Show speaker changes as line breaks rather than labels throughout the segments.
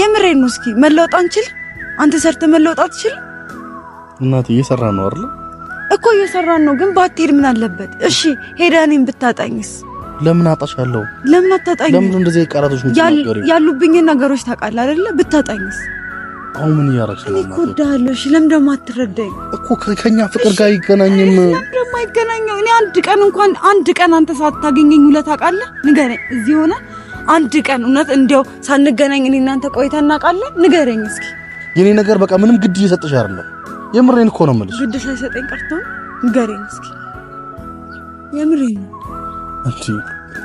የምሬን ነው። እስኪ መለወጥ አንችል? አንተ ሰርተ መለወጥ አትችል?
እናት እየሰራ ነው አይደል?
እኮ እየሰራን ነው። ግን ባትሄድ ምን አለበት? እሺ ሄደህ ብታጣኝስ?
ለምን አጣሻለሁ? ለምን አታጣኝ? ለምን እንደዚህ ቃላቶች ነው
ያሉብኝን ነገሮች ታውቃለህ አይደለ? ብታጣኝስ?
አሁን ምን እያደረግሽ
ነው? እኮ እወድሃለሁ። እሺ ለምን ደግሞ አትረዳኝ?
እኮ ከኛ ፍቅር ጋር አይገናኝም።
ለምን ደግሞ አይገናኘው? እኔ አንድ ቀን እንኳን አንድ ቀን አንተ ሳታገኘኝ ውለህ ታውቃለህ? ንገረኝ። እዚህ ሆነ አንድ ቀን እውነት እንዲያው ሳንገናኝ እኔ እናንተ ቆይታ እናውቃለን? ንገረኝ እስኪ።
የኔ ነገር በቃ ምንም ግድ እየሰጠሽ አይደለም። የምሬን እኮ ነው የምልሽ።
ግድ ሳይሰጠኝ ቀርቶ ንገረኝ እስኪ። የምሬን አንቺ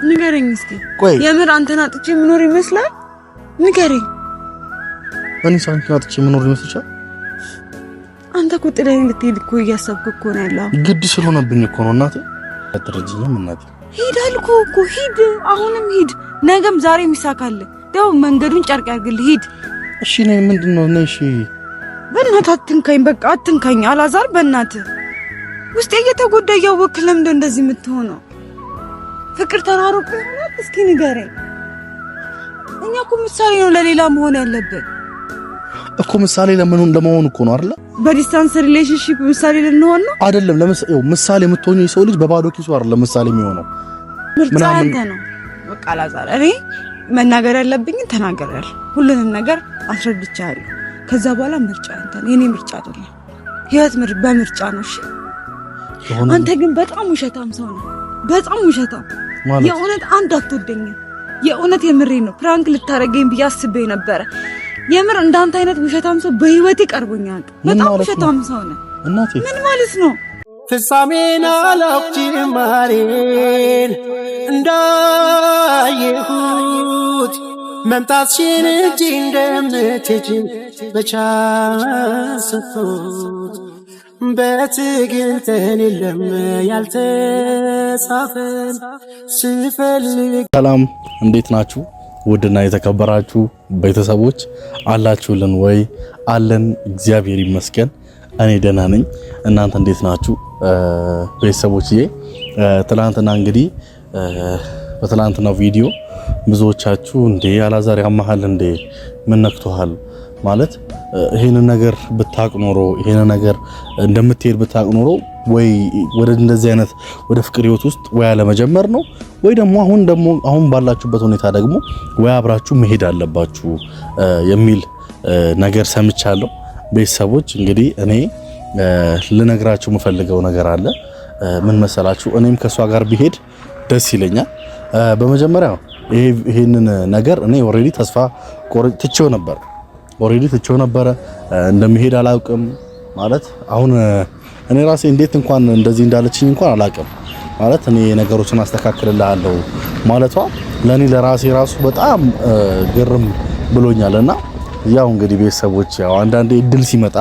ንገረኝ እስኪ። ቆይ የምር አንተን አጥቼ የምኖር ይመስላል? ንገረኝ።
እኔ ሳንቺን አጥቼ የምኖር ይመስልሻል?
አንተ እኮ ጥለኸኝ ልትሄድ እኮ እያሰብክ እኮ ነው ያለው።
ግድ ስለሆነብኝ እኮ ነው እናቴ። አትረጂኝም እናቴ።
ሂድ አልኩህ እኮ ሂድ፣ አሁንም ሂድ ነገም ዛሬ የሚሳካል ደው መንገዱን ጨርቅ ያርግል። ሂድ
እሺ። ነኝ ምንድን ነው ነኝ? እሺ፣
በእናትህ አትንካኝ፣ በቃ አትንካኝ። አላዛር፣ በእናትህ ውስጤ እየተጎዳ እያወክ ለምንድን እንደዚህ የምትሆነው? ፍቅር ተራሮቅ ይሆናል። እስኪ ንገረኝ። እኛ እኮ ምሳሌ ነው ለሌላ መሆን ያለብን
እኮ ምሳሌ ለምን ለመሆን እኮ ነው አይደል?
በዲስታንስ ሪሌሽንሺፕ ምሳሌ ልንሆን ነው
አይደለም? ለምሳሌ ምሳሌ የምትሆኚው የሰው ልጅ በባዶ ኪሱ አይደለም ምሳሌ የሚሆነው
ነው። በቃ አላዛር፣ እኔ መናገር ያለብኝን ተናገራል። ሁሉንም ነገር አስረድቻለሁ። ከዛ በኋላ ምርጫ አንተ ነው፣ የኔ ምርጫ አይደለም። ህይወት በምርጫ ነው። እሺ አንተ ግን በጣም ውሸታም ሰው ነው። በጣም ውሸታም የእውነት አንድ አትወደኝም። የእውነት የምሬ ነው። ፕራንክ ልታረገኝ ብዬ አስቤ ነበረ። የምር እንዳንተ አይነት ውሸታም ሰው በህይወቴ ቀርቦኛል። በጣም ውሸታም ሰው ነው። ምን ማለት ነው? ፍጻሜን አላውቅ ጅማሬን እንዳየሁት መምጣትሽን እንጂ እንደምትሄጂ
በቻስኩት በትግልተን የለም ያልተጻፈን ስፈልግ። ሰላም እንዴት ናችሁ? ውድና የተከበራችሁ ቤተሰቦች አላችሁልን ወይ? አለን። እግዚአብሔር ይመስገን እኔ ደህና ነኝ። እናንተ እንዴት ናችሁ? ቤተሰቦችዬ ትላንትና እንግዲህ በትላንትናው ቪዲዮ ብዙዎቻችሁ እንዴ አላዛር ያመሃል እንዴ ምን ነክቶሃል? ማለት ይሄን ነገር ብታቅ ኖሮ ነገር እንደምትሄድ ብታቅ ኖሮ ወይ ወደ እንደዚህ አይነት ወደ ፍቅር ህይወት ውስጥ ወይ አለመጀመር ነው ወይ ደግሞ አሁን ደግሞ አሁን ባላችሁበት ሁኔታ ደግሞ ወይ አብራችሁ መሄድ አለባችሁ የሚል ነገር ሰምቻለሁ። ቤተሰቦች እንግዲህ እኔ ልነግራችሁ የምፈልገው ነገር አለ። ምን መሰላችሁ? እኔም ከእሷ ጋር ቢሄድ ደስ ይለኛል። በመጀመሪያ ይህንን ነገር እኔ ኦልሬዲ ተስፋ ቆርጬ ትቼው ነበር። ኦልሬዲ ትቼው ነበረ እንደሚሄድ አላውቅም ማለት አሁን እኔ ራሴ እንዴት እንኳን እንደዚህ እንዳለችኝ እንኳን አላውቅም። ማለት እኔ ነገሮችን አስተካክልልሃለሁ ማለቷ ለእኔ ለራሴ ራሱ በጣም ግርም ብሎኛል። እና ያው እንግዲህ ቤተሰቦች ያው አንዳንዴ እድል ሲመጣ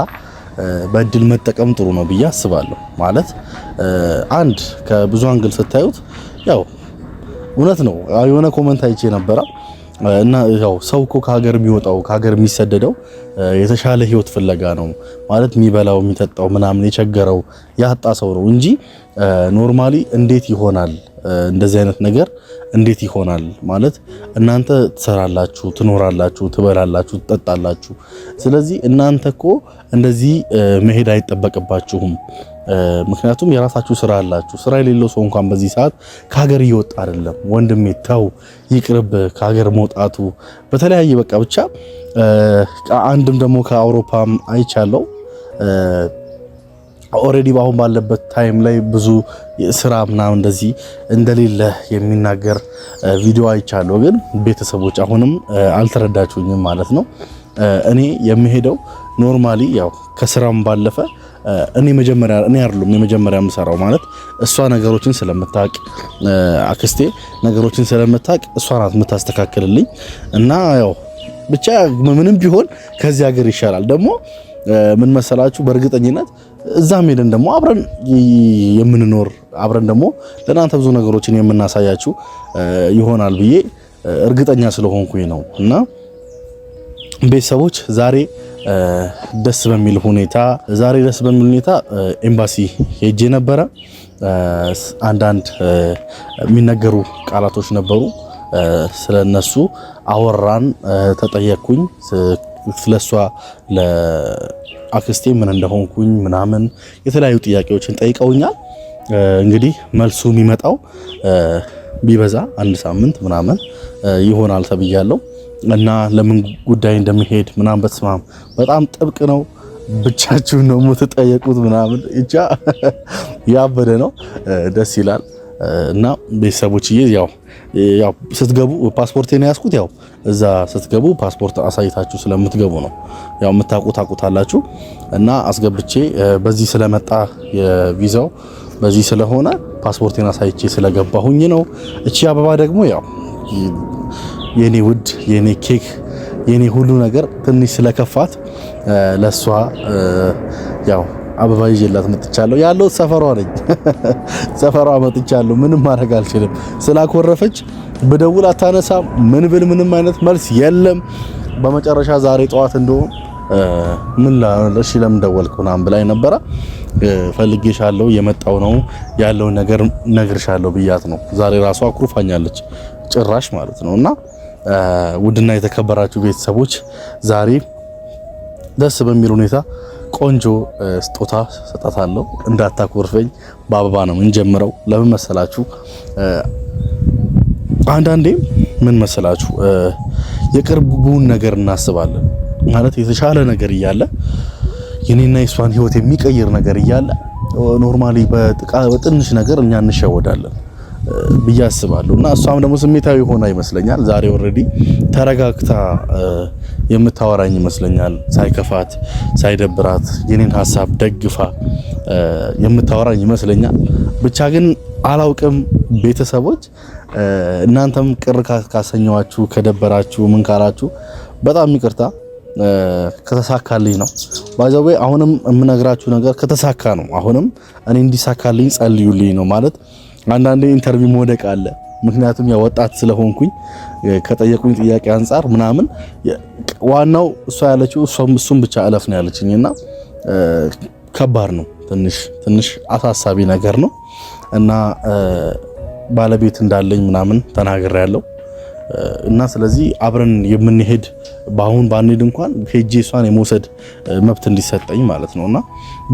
በእድል መጠቀም ጥሩ ነው ብዬ አስባለሁ። ማለት አንድ ከብዙ አንግል ስታዩት ያው እውነት ነው። የሆነ ኮመንት አይቼ ነበረ እና ያው ሰው እኮ ከሀገር የሚወጣው ከሀገር የሚሰደደው የተሻለ ህይወት ፍለጋ ነው ማለት የሚበላው የሚጠጣው ምናምን የቸገረው ያጣ ሰው ነው እንጂ ኖርማሊ እንዴት ይሆናል እንደዚህ አይነት ነገር እንዴት ይሆናል ማለት እናንተ ትሰራላችሁ፣ ትኖራላችሁ፣ ትበላላችሁ፣ ትጠጣላችሁ። ስለዚህ እናንተ እኮ እንደዚህ መሄድ አይጠበቅባችሁም። ምክንያቱም የራሳችሁ ስራ አላችሁ። ስራ የሌለው ሰው እንኳን በዚህ ሰዓት ከሀገር እየወጣ አይደለም። ወንድሜ ተው ይቅርብ፣ ከሀገር መውጣቱ በተለያየ በቃ ብቻ አንድም ደግሞ ከአውሮፓም አይቻለው ኦልሬዲ በአሁን ባለበት ታይም ላይ ብዙ ስራ ምናምን እንደዚህ እንደሌለ የሚናገር ቪዲዮ አይቻለሁ። ግን ቤተሰቦች አሁንም አልተረዳችሁኝም ማለት ነው። እኔ የምሄደው ኖርማሊ ያው ከስራም ባለፈ እኔ መጀመሪያ እኔ አይደሉም የመጀመሪያ የምሰራው ማለት እሷ ነገሮችን ስለምታቅ አክስቴ ነገሮችን ስለምታቅ እሷ ናት የምታስተካክልልኝ እና ያው ብቻ ምንም ቢሆን ከዚህ ሀገር ይሻላል። ደግሞ ምን መሰላችሁ በእርግጠኝነት እዛም ሄደን ደግሞ አብረን የምንኖር አብረን ደግሞ ለእናንተ ብዙ ነገሮችን የምናሳያችሁ ይሆናል ብዬ እርግጠኛ ስለሆንኩኝ ነው እና ቤተሰቦች ዛሬ ደስ በሚል ሁኔታ ዛሬ ደስ በሚል ሁኔታ ኤምባሲ ሄጄ ነበረ። አንዳንድ የሚነገሩ ቃላቶች ነበሩ። ስለነሱ አወራን፣ ተጠየቅኩኝ። ስለሷ ለአክስቴ ምን እንደሆንኩኝ ምናምን የተለያዩ ጥያቄዎችን ጠይቀውኛል። እንግዲህ መልሱ የሚመጣው ቢበዛ አንድ ሳምንት ምናምን ይሆናል ተብያለው እና ለምን ጉዳይ እንደሚሄድ ምናምን በስማም በጣም ጥብቅ ነው። ብቻችሁን ነው የምትጠየቁት ምናምን እቻ ያበደ ነው። ደስ ይላል። እና ቤተሰቦችዬ ያው ያው ስትገቡ ፓስፖርቴን ያስኩት ያው እዛ ስትገቡ ፓስፖርት አሳይታችሁ ስለምትገቡ ነው። ያው የምታውቁ አቁታላችሁ እና አስገብቼ በዚህ ስለመጣ የቪዛው በዚህ ስለሆነ ፓስፖርቴን አሳይቼ ስለገባሁኝ ነው። እቺ አበባ ደግሞ ያው የኔ ውድ የኔ ኬክ የኔ ሁሉ ነገር ትንሽ ስለከፋት ለሷ ያው አበባ ይዤላት መጥቻለሁ። ያለው ሰፈሯ ነኝ፣ ሰፈሯ መጥቻለሁ። ምንም ማድረግ አልችልም። ስላኮረፈች ብደውል አታነሳ፣ ምን ብል ምንም አይነት መልስ የለም። በመጨረሻ ዛሬ ጠዋት እንደውም ምን እሺ ለምን ደወልክ ምናምን ብላኝ ነበረ። ፈልጌሻለሁ፣ የመጣው ነው ያለው ነገር ነግርሻለሁ ብያት ነው። ዛሬ ራሷ አኩርፋኛለች ጭራሽ ማለት ነው። እና ውድና የተከበራችሁ ቤተሰቦች ዛሬ ደስ በሚል ሁኔታ ቆንጆ ስጦታ ሰጣታለሁ። እንዳታኮርፈኝ። በአበባ ነው እንጀምረው። ለምን መሰላችሁ? አንዳንዴ ምን መሰላችሁ የቅርቡን ነገር እናስባለን ማለት የተሻለ ነገር እያለ የኔና የሷን ህይወት የሚቀይር ነገር እያለ ኖርማሊ በጥቃ በትንሽ ነገር እኛ እንሸወዳለን። ብዬ አስባለሁ እና እሷም ደግሞ ስሜታዊ ሆና ይመስለኛል ዛሬ ኦልሬዲ ተረጋግታ የምታወራኝ ይመስለኛል። ሳይከፋት ሳይደብራት የኔን ሀሳብ ደግፋ የምታወራኝ ይመስለኛል። ብቻ ግን አላውቅም ቤተሰቦች፣ እናንተም ቅር ካሰኘዋችሁ፣ ከደበራችሁ፣ ምን ካላችሁ በጣም ይቅርታ። ከተሳካልኝ ነው ባይዘዌ አሁንም የምነግራችሁ ነገር ከተሳካ ነው። አሁንም እኔ እንዲሳካልኝ ጸልዩልኝ ነው ማለት አንዳንዴ ኢንተርቪው መውደቅ አለ። ምክንያቱም ያው ወጣት ስለሆንኩኝ ከጠየቁኝ ጥያቄ አንጻር ምናምን ዋናው እሷ ያለችው እሱም ብቻ እለፍ ነው እና ከባድ ነው። ትንሽ ትንሽ አሳሳቢ ነገር ነው እና ባለቤት እንዳለኝ ምናምን ተናግሬ ያለው እና ስለዚህ አብረን የምንሄድ በአሁን ባንሄድ እንኳን ሄጄ እሷን የመውሰድ መብት እንዲሰጠኝ ማለት ነው። እና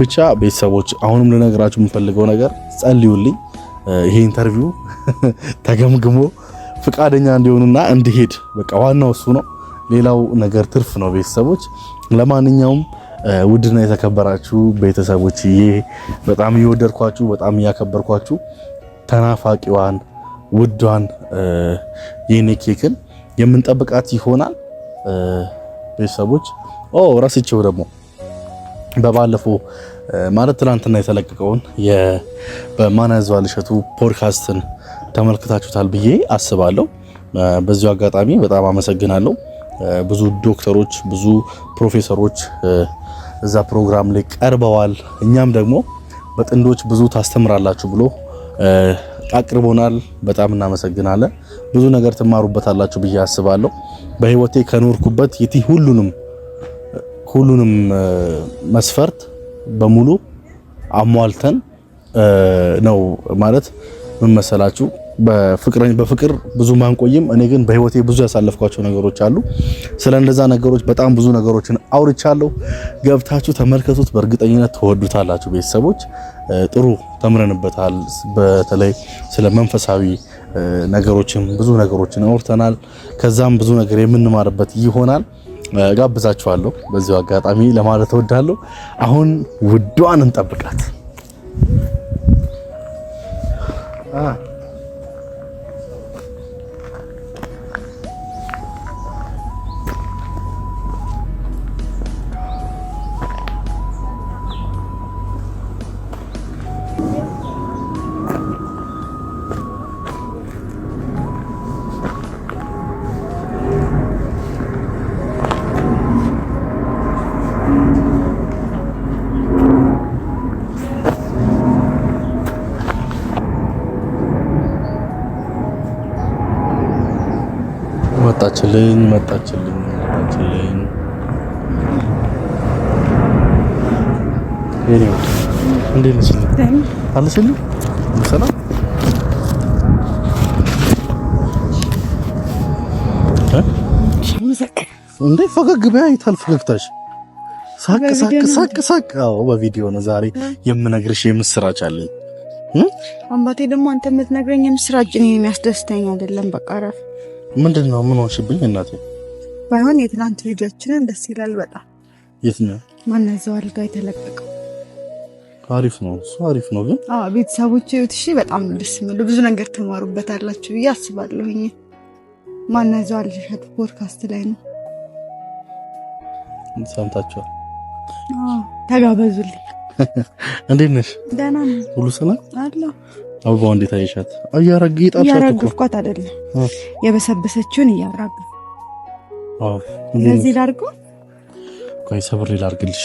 ብቻ ቤተሰቦች አሁንም ልነግራችሁ የምፈልገው ነገር ጸልዩልኝ። ይሄ ኢንተርቪው ተገምግሞ ፍቃደኛ እንዲሆኑና እንዲሄድ በቃ ዋናው እሱ ነው። ሌላው ነገር ትርፍ ነው። ቤተሰቦች ለማንኛውም ውድና የተከበራችሁ ቤተሰቦች ይሄ በጣም እየወደድኳችሁ በጣም እያከበርኳችሁ ተናፋቂዋን ውዷን የኔ ኬክን የምንጠብቃት ይሆናል። ቤተሰቦች ኦ ረስቼው ደግሞ በባለፈው ማለት ትናንትና የተለቀቀውን በማናዝዋል እሸቱ ፖድካስትን ተመልክታችሁታል ብዬ አስባለሁ። በዚሁ አጋጣሚ በጣም አመሰግናለሁ። ብዙ ዶክተሮች፣ ብዙ ፕሮፌሰሮች እዛ ፕሮግራም ላይ ቀርበዋል። እኛም ደግሞ በጥንዶች ብዙ ታስተምራላችሁ ብሎ አቅርቦናል። በጣም እናመሰግናለን። ብዙ ነገር ትማሩበታላችሁ ብዬ አስባለሁ። በህይወቴ ከኖርኩበት ሁሉንም ሁሉንም መስፈርት በሙሉ አሟልተን ነው ማለት ምን መሰላችሁ በፍቅር ብዙ ማንቆይም። እኔ ግን በህይወቴ ብዙ ያሳለፍኳቸው ነገሮች አሉ። ስለ እንደዛ ነገሮች በጣም ብዙ ነገሮችን አውርቻለሁ። ገብታችሁ ተመልከቱት። በእርግጠኝነት ትወዱታላችሁ። ቤተሰቦች ጥሩ ተምረንበታል። በተለይ ስለ መንፈሳዊ ነገሮችም ብዙ ነገሮችን አውርተናል። ከዛም ብዙ ነገር የምንማርበት ይሆናል። ጋብዛችኋለሁ በዚሁ አጋጣሚ ለማለት እወዳለሁ። አሁን ውዷን እንጠብቃት። መጣችልኝ መጣችልኝ መጣችልኝ። እንዴት ነሽ? አለሽልኝ ፈገግ ፈገግታሽ። ሳቅ ሳቅ ሳቅ ሳቅ። አዎ በቪዲዮ ነው ዛሬ የምነግርሽ የምስራች አለኝ።
አባቴ ደግሞ አንተ የምትነግረኝ የምስራች ነው የሚያስደስተኝ አይደለም። በቃ እረፍ
ምንድን ነው? ምን ሆንሽብኝ እናቴ?
ባይሆን የትናንት ልጃችንን ደስ ይላል በጣም። የት ነው ማነዛው አልጋ የተለቀቀው?
አሪፍ ነው እሱ አሪፍ ነው። ግን
ቤተሰቦች ይሁት እሺ፣ በጣም ደስ የሚሉ ብዙ ነገር ትማሩበታላችሁ ብዬ አስባለሁኝ። ማነዛው አልሻት ፖድካስት ላይ ነው ሰምታችኋል። ተጋበዙልኝ።
እንዴት ነሽ? ደህና ነኝ። ሁሉ ሰላም አለው አበባ እንዴት አየሻት? እያረግኩ
እያረግፍኳት አይደለም የበሰበሰችውን እያራግፍ እንደዚህ ላርጎ
ቆይ ሰብሬ ላርግልሽ።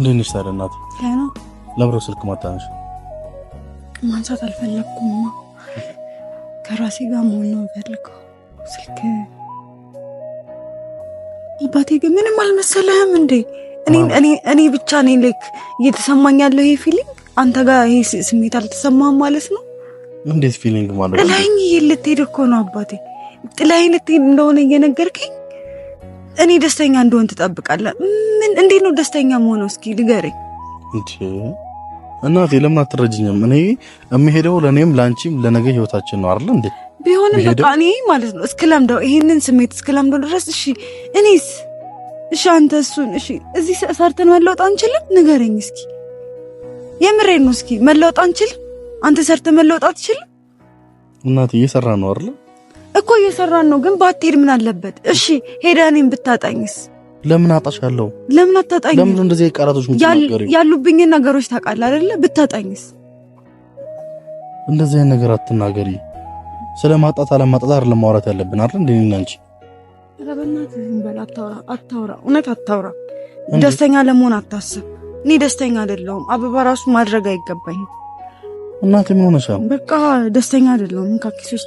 እንደት ነሽ ታዲያ እናቴ? ለብሮ ስልክ ማታነሽ
ማንሳት አልፈለግኩም። ከራሴ ጋር መሆን ነው ፈልገው ስልክ አባቴ ግን ምንም አልመሰለህም እንዴ? እኔ ብቻ ነኝ ልክ እየተሰማኝ ያለው ይሄ ፊሊንግ፣ አንተ ጋር ይሄ ስሜት አልተሰማህም ማለት ነው? እንዴት ፊሊንግ ማለት ነው? ጥላኝ ልትሄድ እኮ ነው አባቴ፣ ጥላኝ ልትሄድ እንደሆነ እየነገርከኝ እኔ ደስተኛ እንደሆን ትጠብቃለህ? ምን እንዴት ነው ደስተኛ መሆነው? እስኪ ንገረኝ።
እናቴ ለምን አትረጅኝም? እኔ የምሄደው ለእኔም ለአንቺም ለነገ ህይወታችን ነው አይደል እንዴ?
ቢሆንም በቃ እኔ ማለት ነው እስክለምደው ይሄንን ስሜት እስክለምደው ድረስ እሺ። እኔስ እሺ፣ አንተ እሱን እሺ። እዚህ ሰርተን መለወጥ አንችልም? ንገረኝ እስኪ፣ የምሬን ነው። እስኪ መለወጥ አንችልም? አንተ ሰርተን መለወጥ አትችልም?
እናቴ እየሰራን ነው አይደል?
እኮ እየሰራን ነው፣ ግን ባትሄድ ምን አለበት? እሺ ሄደህ እኔን ብታጣኝስ?
ለምን አጣሻለሁ? ለምን አታጣኝ? ለምን እንደዚህ ቃላቶች
ያሉብኝን ነገሮች ታውቃለህ አይደለ? ብታጣኝስ?
እንደዚህ አይነት ነገር አትናገሪ። ስለማጣት አለማጣት አይደለም ማውራት ያለብን አይደል? እንዴ ነኝ አንቺ
አታውራ፣ አታውራ፣ እውነት አታውራ። ደስተኛ ለመሆን አታስብ። እኔ ደስተኛ አይደለሁም። አበባ ራሱ ማድረግ አይገባኝ።
እናቴ ምን ሆነሻል?
በቃ ደስተኛ አይደለሁም። ካኪሶች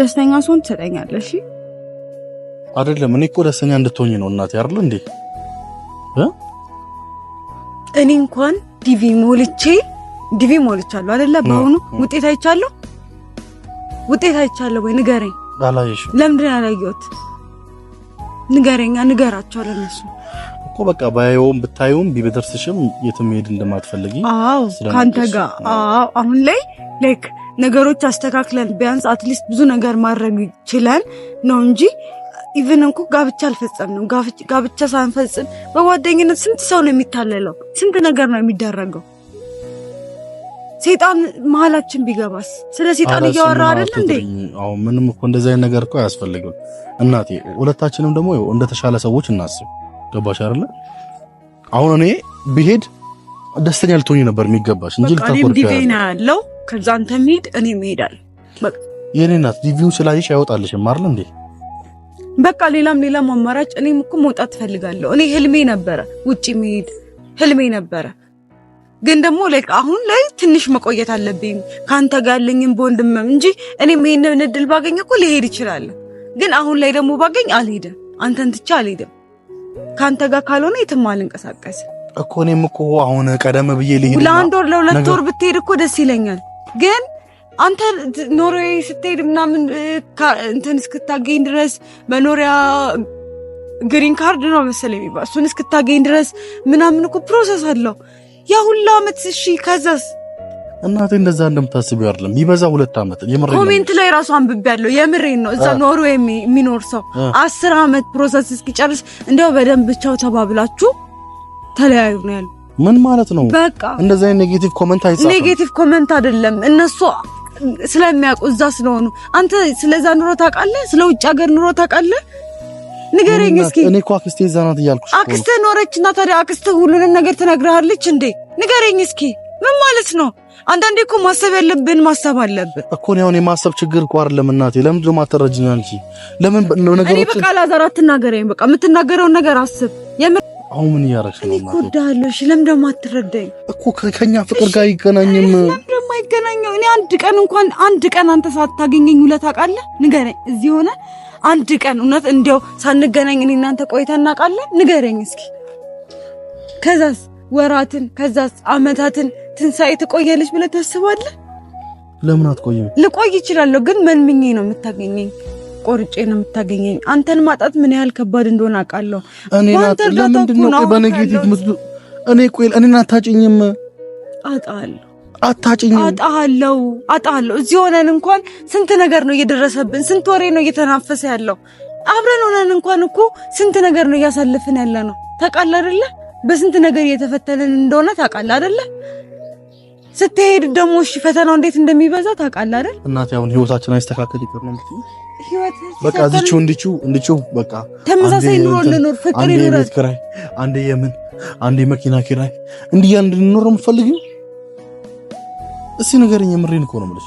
ደስተኛ ሰውን ትሰጠኛለሽ።
አይደለም። እኔ እኮ ደስተኛ እንድትሆኝ ነው እናቴ አይደል እንዴ?
እኔ እንኳን ዲቪ ሞልቼ ዲቪ ሞልቻለሁ አይደለ? በአሁኑ ውጤት አይቻለሁ። ውጤት አይቻለሁ ወይ ንገረኝ። አላየሽም? ለምንድን አላየሁት? ንገረኛ፣ ንገራቸው ለነሱ
እኮ በቃ ባየውም ብታየውም ቢበደርስሽም የትም ሄድ እንደማትፈልጊ
አዎ፣ ካንተ ጋር አዎ። አሁን ላይ ላይክ ነገሮች አስተካክለን ቢያንስ አትሊስት ብዙ ነገር ማድረግ ችለን ነው እንጂ ኢቭን እንኩ ጋብቻ አልፈጸምንም። ጋብቻ ሳንፈጽም በጓደኝነት ስንት ሰው ነው የሚታለለው? ስንት ነገር ነው የሚደረገው? ሴጣን መሀላችን ቢገባስ? ስለ ሴጣን እያወራ አይደል እንዴ?
አዎ፣ ምንም እኮ እንደዛ አይነት ነገር እኮ አያስፈልግም እናቴ። ሁለታችንም ደግሞ እንደተሻለ ሰዎች እናስብ። ገባሽ አይደለ? አሁን እኔ ብሄድ ደስተኛ ልትሆኝ ነበር የሚገባሽ
እንጂ ልታቆርጥ ያለው ከዛ አንተ ሄድ እኔ ሄዳል።
የኔ እናት ዲቪውን ስላየሽ አይወጣልሽም አይደል እንዴ?
በቃ ሌላም ሌላም አማራጭ እኔም እኮ መውጣት ፈልጋለሁ። እኔ ህልሜ ነበረ ውጪ መሄድ ህልሜ ነበረ። ግን ደግሞ ላይክ አሁን ላይ ትንሽ መቆየት አለብኝ ካንተ ጋር ያለኝም በወንድምም እንጂ እኔም ይሄንን እድል ባገኝ እኮ ልሄድ እችላለሁ። ግን አሁን ላይ ደግሞ ባገኝ አልሄድም፣ አንተን ትቼ አልሄድም። ካንተ ጋር ካልሆነ የትም አልንቀሳቀስ
እኮ እኔም እኮ አሁን ቀደም ብዬ
ልሄድ ለአንድ ወር ለሁለት ወር ብትሄድ እኮ ደስ ይለኛል ግን አንተ ኖርዌይ ስትሄድ ምናምን እንትን እስክታገኝ ድረስ መኖሪያ ግሪን ካርድ ነው መሰለኝ የሚባል እሱን እስክታገኝ ድረስ ምናምን እኮ ፕሮሰስ አለው። ያ ሁሉ አመት እሺ፣ ከዛስ
እናቴ እንደዛ እንደምታስቢው አይደለም። ይበዛ ሁለት አመት
የምሬ ነው። ኮሜንት ላይ ራሱ አንብቤ ያለው የምሬን ነው። እዛ ኖርዌይ የሚኖር ሰው አስር አመት ፕሮሰስ እስኪጨርስ እንደው በደንብ ብቻው ተባብላችሁ ተለያዩ ነው ያለው።
ምን ማለት ነው? በቃ እንደዛ ኔጌቲቭ ኮመንት አይጻፍም።
ኔጌቲቭ ኮመንት አይደለም እነሱ ስለሚያውቁ እዛ ስለሆኑ አንተ ስለዛ ኑሮ ታውቃለህ? ስለ ውጭ ሀገር ኑሮ ታውቃለህ? ንገረኝ እስኪ።
እኔ እኮ አክስቴ እዛ ናት እያልኩሽ።
አክስትህ ኖረች እና ታዲያ አክስቴ ሁሉንም ነገር ትነግርሃለች እንዴ? ንገረኝ እስኪ ምን ማለት ነው? አንዳንዴ እኮ ማሰብ ያለብን ማሰብ አለብን
እኮ ነው። እኔ ማሰብ ችግር እኮ አይደለም እናቴ። ለምን ደሞ አትረጅኝ አንቺ? ለምን
ነው ነገሮች? እኔ በቃ ላዛር አትናገረኝ። በቃ የምትናገረውን ነገር አስብ።
አሁን ምን እያደረግሽ
ነው? እኔ እኮ እወድሃለሁ። ለምን ደሞ አትረዳኝ?
እኮ ከኛ ፍቅር ጋር አይገናኝም።
የማይገናኘው እኔ አንድ ቀን እንኳን አንድ ቀን አንተ ሳታገኘኝ ውለህ ታውቃለህ? ንገረኝ። እዚህ ሆነ አንድ ቀን እውነት እንዲያው ሳንገናኝ እኔ እናንተ ቆይተን እናውቃለን? ንገረኝ እስኪ። ከዛስ ወራትን ከዛስ አመታትን ትንሣኤ ትቆያለች ብለህ ታስባለህ? ለምን አትቆይም? ልቆይ እችላለሁ፣ ግን መንምኜ ነው የምታገኘኝ ቆርጬ ነው የምታገኘኝ። አንተን ማጣት ምን ያህል ከባድ እንደሆነ አውቃለሁ።
እኔ ለምንድን ነው በኔጌቲቭ እኔ ቆይ እኔን አታጭኝም? አጣለሁ አታጭኝ
አጣሃለው አጣሃለው። እዚህ ሆነን እንኳን ስንት ነገር ነው እየደረሰብን፣ ስንት ወሬ ነው እየተናፈሰ ያለው። አብረን ሆነን እንኳን እኮ ስንት ነገር ነው እያሳለፍን ያለ ነው። ታውቃለህ አይደለ? በስንት ነገር እየተፈተንን እንደሆነ ታውቃለህ አይደለ? ስትሄድ ደግሞ እሺ፣ ፈተናው እንዴት እንደሚበዛ ታውቃለህ አይደል?
እናቴ አሁን ህይወታችን አይስተካከል ይቅር ነው በቃ እዚቹ እንድቹ እንድቹ በቃ
ተመሳሳይ ኑሮ እንድኖር
ፍቅር ይኖራል። አንዴ የምን አንዴ መኪና ኪራይ እንዲያ እንድንኖር የምፈልገው እስቲ ንገረኝ። የምሬን እኮ ነው የምልሽ።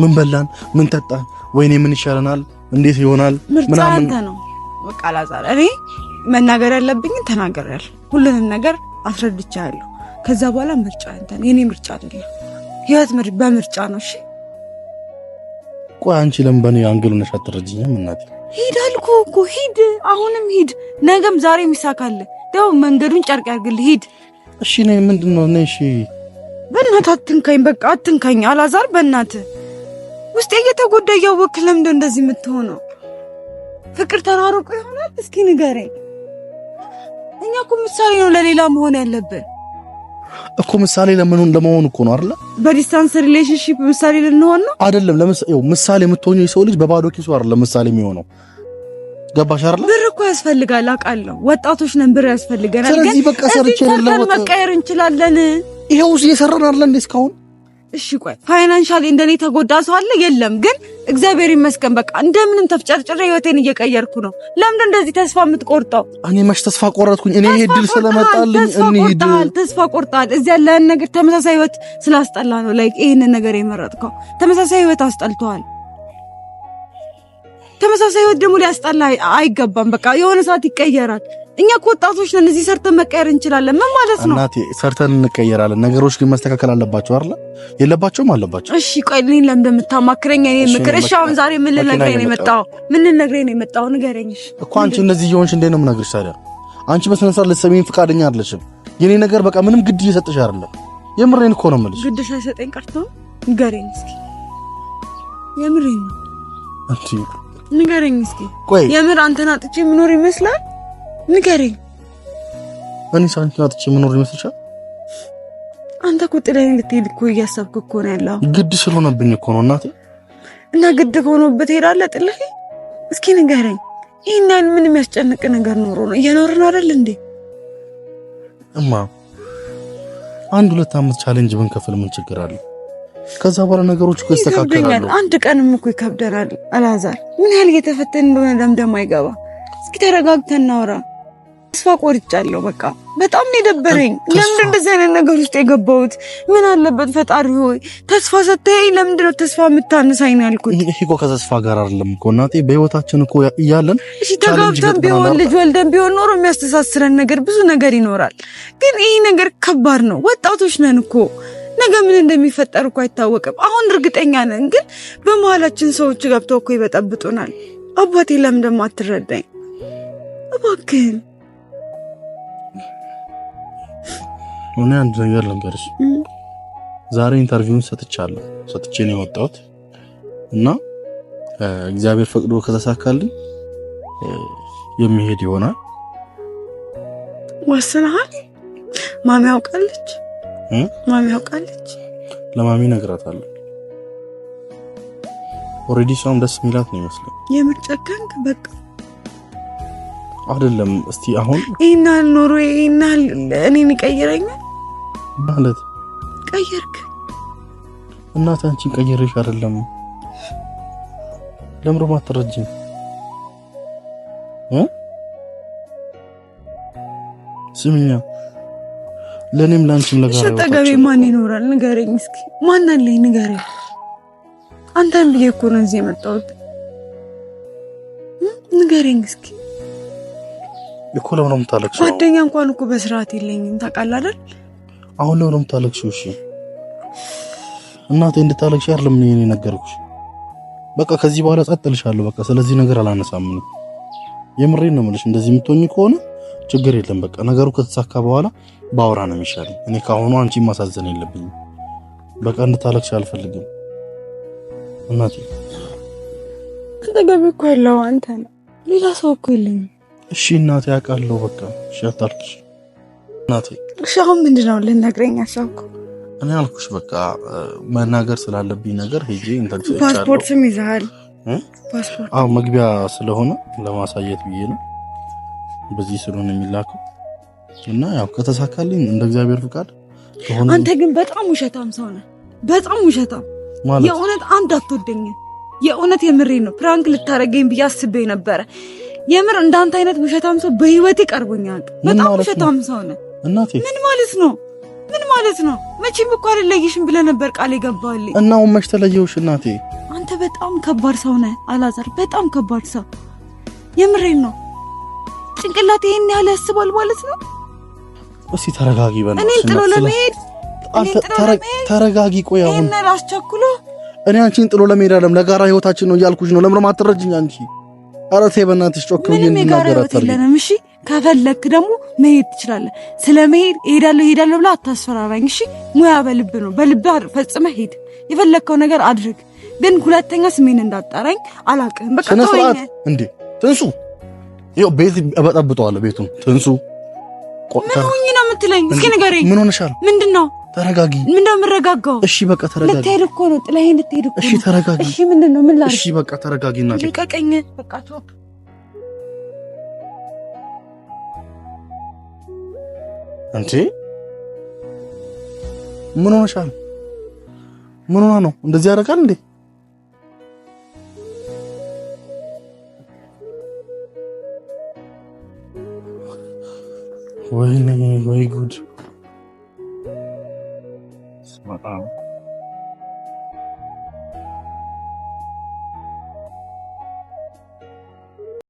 ምን በላን? ምን ጠጣን? ወይኔ ምን ይሻለናል? እንዴት ይሆናል?
ምናምን ነው በቃ። ላዛር እኔ መናገር ያለብኝን ተናገራል፣ ሁሉንም ነገር አስረድቻለሁ። ከዛ በኋላ ምርጫ አንተ ነው። የኔ ምርጫ አይደለም ህይወት፣ በምርጫ ነው። እሺ
ቆይ አንቺ ለምን በኔ አንግል ነሽ? አትረጅኝም? እናቴ
ሂድ አልኩህ እኮ ሂድ፣ አሁንም ሂድ፣ ነገም ዛሬም ይሳካል። ደው መንገዱን ጨርቅ ያርግልህ። ሂድ
እሺ ነኝ። ምንድን ነው ነኝ? እሺ
በእናትህ አትንካኝ፣ በቃ አትንካኝ አላዛር፣ በእናትህ ውስጤ እየተጎዳ እያወቅክ ለምንድን እንደዚህ የምትሆነው? ፍቅር ተራርቆ ይሆናል? እስኪ ንገረኝ። እኛ እኮ ምሳሌ ነው ለሌላ መሆን ያለብን
እኮ ምሳሌ ለምን ለመሆን እኮ ነው አይደለ?
በዲስታንስ ሪሌሽንሺፕ ምሳሌ ልንሆን ነው
አይደለም? ለምሳሌ ምሳሌ የምትሆኘው የሰው ልጅ በባዶ ኪሱ አይደለም ምሳሌ የሚሆነው ገባሽ አይደል?
ብር እኮ ያስፈልጋል፣ አውቃለሁ። ወጣቶች ነን፣ ብር ያስፈልገናል። ስለዚህ በቃ ሰርቼ መቀየር እንችላለን።
ይሄው እየሰራን አይደል እስካሁን።
እሺ ቆይ ፋይናንሻሊ እንደኔ ተጎዳ ሰው አለ? የለም። ግን እግዚአብሔር ይመስገን በቃ እንደምንም ተፍጨርጭሬ ህይወቴን እየቀየርኩ ነው። ለምን እንደዚህ ተስፋ የምትቆርጠው?
እኔ መች ተስፋ ቆረጥኩኝ? እኔ ይሄ ድል
ስለመጣልኝ እንሂድ። ተስፋ ቆርጠሃል። እዚህ ያለህን ነገር ተመሳሳይ ህይወት ስላስጠላ ነው ላይክ ይህንን ነገር የመረጥከው። ተመሳሳይ ህይወት አስጠልተዋል። ተመሳሳይ ህይወት ደግሞ ሊያስጠላ አይገባም። በቃ የሆነ ሰዓት ይቀየራል። እኛ እኮ ወጣቶች ነን፣ እዚህ ሰርተን መቀየር እንችላለን። ምን ማለት
ነው እናቴ? ሰርተን እንቀየራለን። ነገሮች ግን መስተካከል አለባቸው አይደል? የለባቸውም፣ አለባቸው።
እሺ ቆይ እኔን ለምን እንደምታማክረኝ እኔ ምክር። እሺ አሁን ዛሬ ምን ልነግረኝ ነው የመጣው? ምን ልነግረኝ ነው የመጣው? ንገረኝ
እኮ አንቺ። እንደዚህ እየሆንሽ እንዴት ነው የምነግርሽ ታዲያ? አንቺ በስነ ስርዓት ልትሰሚኝ ፈቃደኛ አይደለሽም። የኔ ነገር በቃ ምንም ግድ እየሰጠሽ አይደለም። የምሬን እኮ ነው የምልሽ።
ግድ ሳይሰጠኝ ቀርቶ ንገረኝ እስኪ፣ የምሬን ነው ንገረኝ እስኪ። ቆይ የምር አንተን አጥቼ የምኖር ይመስላል? ንገረኝ።
እኔ ሳንቲም አጥቼ የምኖር ይመስልሻል?
አንተ እኮ ጥለኸኝ ልትሄድ እኮ እያሰብክ እኮ ነው ያለው።
ግድ ስለሆነብኝ እኮ ነው እናቴ።
እና ግድ ከሆነበት ሄዳለህ ጥለኸኝ? እስኪ ንገረኝ። ይሄን ያህል ምን የሚያስጨንቅ ነገር ኖሮ ነው? እየኖርን አይደል እንዴ?
እማ አንድ ሁለት አመት ቻሌንጅ ብንከፍል ምን ችግር አለው? ከዛ በኋላ ነገሮች
እኮ ይስተካከላሉ። አንድ ቀንም እኮ ይከብደናል። አላዛር ምን ያህል እየተፈተን እንደሆነ ለምደም አይገባ። እስኪ ተረጋግተን እናውራ። ተስፋ ቆርጫለሁ። በቃ በጣም ነው የደበረኝ። ለምንድን እንደዚህ አይነት ነገር ውስጥ የገባሁት? ምን አለበት ፈጣሪ ሆይ ተስፋ ሰጥተኸኝ ለምንድን ነው ተስፋ የምታነሳኝ ነው ያልኩት።
ይሄ እኮ ከተስፋ ጋር አይደለም እኮ እናቴ። በህይወታችን እኮ እያለን
እሺ፣ ተጋብተን ቢሆን ልጅ ወልደን ቢሆን ኖሮ የሚያስተሳስረን ነገር ብዙ ነገር ይኖራል። ግን ይህ ነገር ከባድ ነው። ወጣቶች ነን እኮ ነገ ምን እንደሚፈጠር እኮ አይታወቅም። አሁን እርግጠኛ ነን፣ ግን በመሀላችን ሰዎች ገብተው እኮ ይበጠብጡናል። አባቴ ለምን ደግሞ አትረዳኝ እባክህን።
እኔ አንድ ነገር ልንገርሽ። ዛሬ ኢንተርቪውን ሰጥቻለሁ፣ ሰጥቼ ነው የወጣሁት እና እግዚአብሔር ፈቅዶ ከተሳካልኝ የሚሄድ ይሆናል።
ወስነሃል? ማሚ ያውቃለች። ማሚ ያውቃለች።
ለማሚ እነግራታለሁ። ኦልሬዲ እሷም ደስ የሚላት ነው ይመስለኝ።
የምር ጨከንክ። በቃ
አይደለም። እስቲ አሁን
ይሄን ኖሮ ይሄን ያህል እኔን ይቀይረኛል ማለት ቀየርክ።
እናት አንቺን ቀየርሽ አይደለም? ለምሮ ማትረጅኝ ስምኛ ለእኔም ለአንቺም
ለጋራ አጠገቤ ማን ይኖራል? ንገረኝ እስኪ ማን አለኝ? ንገረኝ። አንተን ብዬ እኮ ነው እዚህ የመጣሁት። ንገረኝ እስኪ
እኮ ለምን ነው የምታለቅሽው?
ጓደኛ እንኳን እኮ በስርዓት የለኝም ታውቃለህ አይደል?
አሁን ለምን ነው የምታለቅሽው? እሺ እናቴ እንድታለቅሽ አይደለም እኔ ነገርኩሽ። በቃ ከዚህ በኋላ ጸጥ በቃ ስለዚህ ነገር አላነሳምንም። የምሬን ነው የምልሽ። እንደዚህ የምትሆኚ ከሆነ ችግር የለም በቃ ነገሩ ከተሳካ በኋላ ባውራ ነው የሚሻለኝ። እኔ ከአሁኑ አንቺ ማሳዘን የለብኝም። በቃ እንድታለቅሽ አልፈልግም እናቴ።
ከጠገቤ እኮ ያለው አንተ ነው፣ ሌላ ሰው እኮ የለኝ።
እሺ እናቴ አውቃለሁ። በቃ እሺ አታልቅሽ እናቴ።
እሺ አሁን ምንድነው ልነግረኝ ያሰብኩ?
እኔ አልኩሽ በቃ መናገር ስላለብኝ ነገር ሄጄ
ፓስፖርትም ይዛል። ፓስፖርት
አዎ፣ መግቢያ ስለሆነ ለማሳየት ብዬ ነው በዚህ ስለሆነ የሚላከው እና ያው ከተሳካልኝ እንደ እግዚአብሔር ፍቃድ።
አንተ ግን በጣም ውሸታም ሰው ነህ። በጣም ውሸታም የእውነት አንድ አትወደኝም። የእውነት የምሬ ነው። ፕራንክ ልታረገኝ ብዬ አስቤ ነበረ። የምር እንዳንተ አይነት ውሸታም ሰው በህይወት ቀርቦኛል። በጣም ውሸታም ሰው ነህ። እናቴ ምን ማለት ነው? ምን ማለት ነው? መቼም እኮ አልለይሽም ብለህ ነበር ቃል የገባልኝ
እና አሁን መች እናቴ።
አንተ በጣም ከባድ ሰው ነህ አላዛር፣ በጣም ከባድ ሰው የምሬን ነው። ጭንቅላት ይሄን ያህል ያስባል ማለት ነው። እስቲ ተረጋጊ። በእናትሽ እኔን ጥሎ ለመሄድ
ተረጋጊ። ቆይ አሁን
እኔን ላስቸኩሎ
እኔ አንቺን ጥሎ ለመሄድ አይደለም ለጋራ ህይወታችን ነው እያልኩሽ ነው። ለምን አትረጅኝ አንቺ? ኧረ ተይ በእናትሽ
ጮክ ብዬ እንናገር አታርጊ። እሺ ከፈለክ ደግሞ መሄድ ትችላለህ። ስለመሄድ መሄድ እሄዳለሁ እሄዳለሁ ብላ አታስፈራራኝ። እሺ ሙያ በልብ ነው። በልብ ፈጽመህ ሄድ፣ የፈለከው ነገር አድርግ። ግን ሁለተኛ ስሜን እንዳጣራኝ አላውቅም።
በቃ ተወኝ እንዴ ትንሱ ይኸው ቤት እበጠብጠዋለሁ። ቤቱን ትንሱ
ምን ሆኜ ነው የምትለኝ? እስኪ ንገረኝ። ምን ሆነሻል? ምንድን ነው? ተረጋጊ። ምን እንደምረጋጋው? እሺ በቃ ተረጋጊ። ልትሄድ እኮ ነው፣ ጥለኸኝ ልትሄድ እኮ ነው። እሺ ተረጋጊ። እሺ ምንድን ነው?
ምን ላድርግ? እሺ በቃ ተረጋጊ።
እናቴ ልቀቀኝ። በቃ ቶ
አንቺ ምን ሆነሻል? ምን ሆና ነው እንደዚህ ያደርጋል እንዴ? Very, very good. Wow.